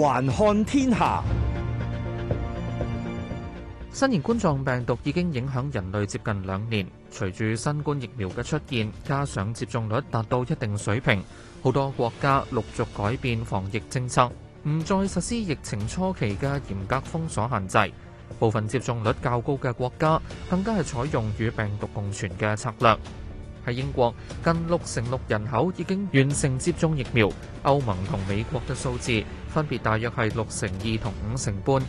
環看天下，新型冠狀病毒已經影響人類接近兩年。隨住新冠疫苗嘅出現，加上接種率達到一定水平，好多國家陸續改變防疫政策，唔再實施疫情初期嘅嚴格封鎖限制。部分接種率較高嘅國家，更加係採用與病毒共存嘅策略。喺英國，近六成六人口已經完成接種疫苗。歐盟同美國嘅數字分別大約係六成二同五成半。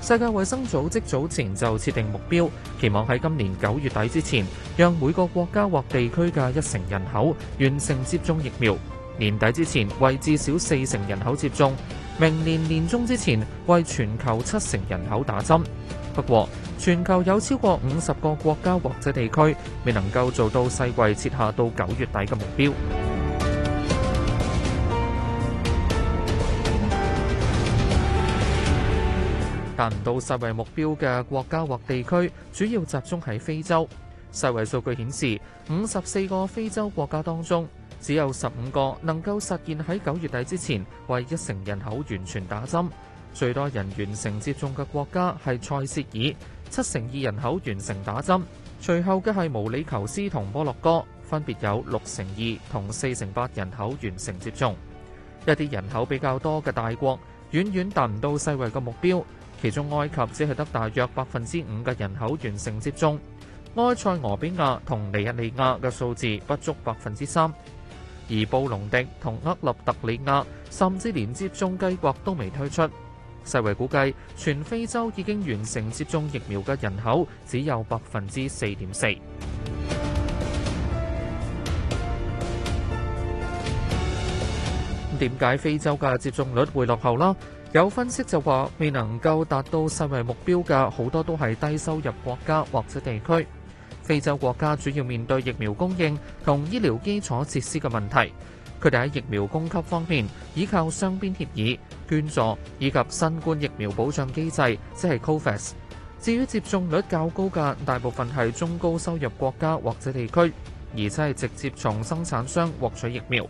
世界衛生組織早前就設定目標，期望喺今年九月底之前，讓每個國家或地區嘅一成人口完成接種疫苗；年底之前為至少四成人口接種；明年年中之前為全球七成人口打針。不過，全球有超過五十個國家或者地區未能夠做到世衛設下到九月底嘅目標。達唔到世衛目標嘅國家或地區，主要集中喺非洲。世衛數據顯示，五十四個非洲國家當中，只有十五個能夠實現喺九月底之前為一成人口完全打針。最多人完成接種嘅國家係塞舌爾，七成二人口完成打針。隨後嘅係毛里求斯同摩洛哥，分別有六成二同四成八人口完成接種。一啲人口比較多嘅大國，遠遠達唔到世衛嘅目標。其中埃及只係得大約百分之五嘅人口完成接種，埃塞俄比亞同尼日利亞嘅數字不足百分之三。而布隆迪同厄立特里亞，甚至連接種計劃都未推出。世衛估計，全非洲已經完成接種疫苗嘅人口只有百分之四點四。咁點解非洲嘅接種率會落後啦？有分析就話，未能夠達到世衛目標嘅好多都係低收入國家或者地區。非洲國家主要面對疫苗供應同醫療基礎設施嘅問題。佢哋喺疫苗供給方面依靠雙邊協議、捐助以及新冠疫苗保障機制，即係 COVAX。至於接種率較高嘅，大部分係中高收入國家或者地區，而且係直接從生產商獲取疫苗。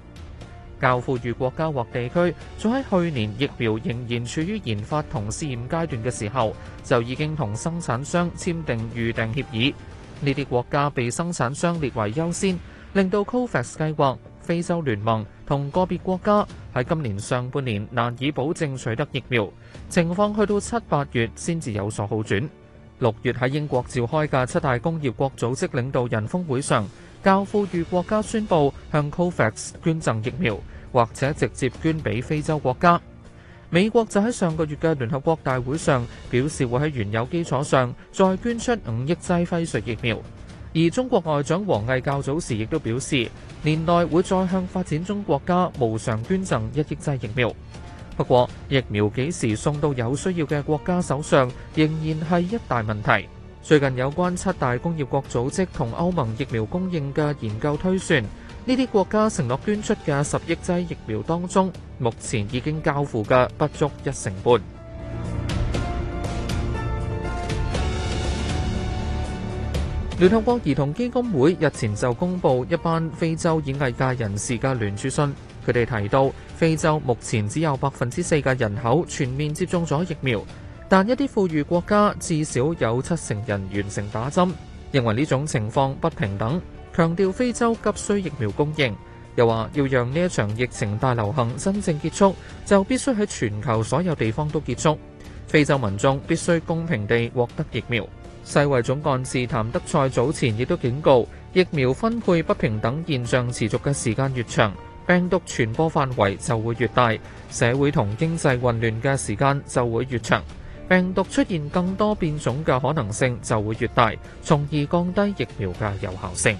較富裕國家或地區，早喺去年疫苗仍然處於研發同試驗階段嘅時候，就已經同生產商簽訂預訂協議。呢啲國家被生產商列為優先，令到 COVAX 計劃。非洲聯盟同個別國家喺今年上半年難以保證取得疫苗，情況去到七八月先至有所好轉。六月喺英國召開嘅七大工業國組織領導人峰會上，較富裕國家宣布向 COVAX 捐贈疫苗，或者直接捐畀非洲國家。美國就喺上個月嘅聯合國大會上表示，會喺原有基礎上再捐出五億劑輝瑞疫苗。而中國外長王毅較早時亦都表示年內會再向發展中國家無償捐贈一億劑疫苗。不過疫苗幾時送到有需要嘅國家手上仍然係一大問題。最近有關七大工業國組織同歐盟疫苗供應嘅研究推算，呢啲國家承諾捐出嘅十億劑疫苗當中，目前已經交付嘅不足一成半。聯合國兒童基金會日前就公布一班非洲演藝界人士嘅聯署信，佢哋提到非洲目前只有百分之四嘅人口全面接種咗疫苗，但一啲富裕國家至少有七成人完成打針，認為呢種情況不平等，強調非洲急需疫苗供應，又話要讓呢場疫情大流行真正結束，就必須喺全球所有地方都結束，非洲民眾必須公平地獲得疫苗。世衛總幹事譚德賽早前亦都警告，疫苗分配不平等現象持續嘅時間越長，病毒傳播範圍就會越大，社會同經濟混亂嘅時間就會越長，病毒出現更多變種嘅可能性就會越大，從而降低疫苗嘅有效性。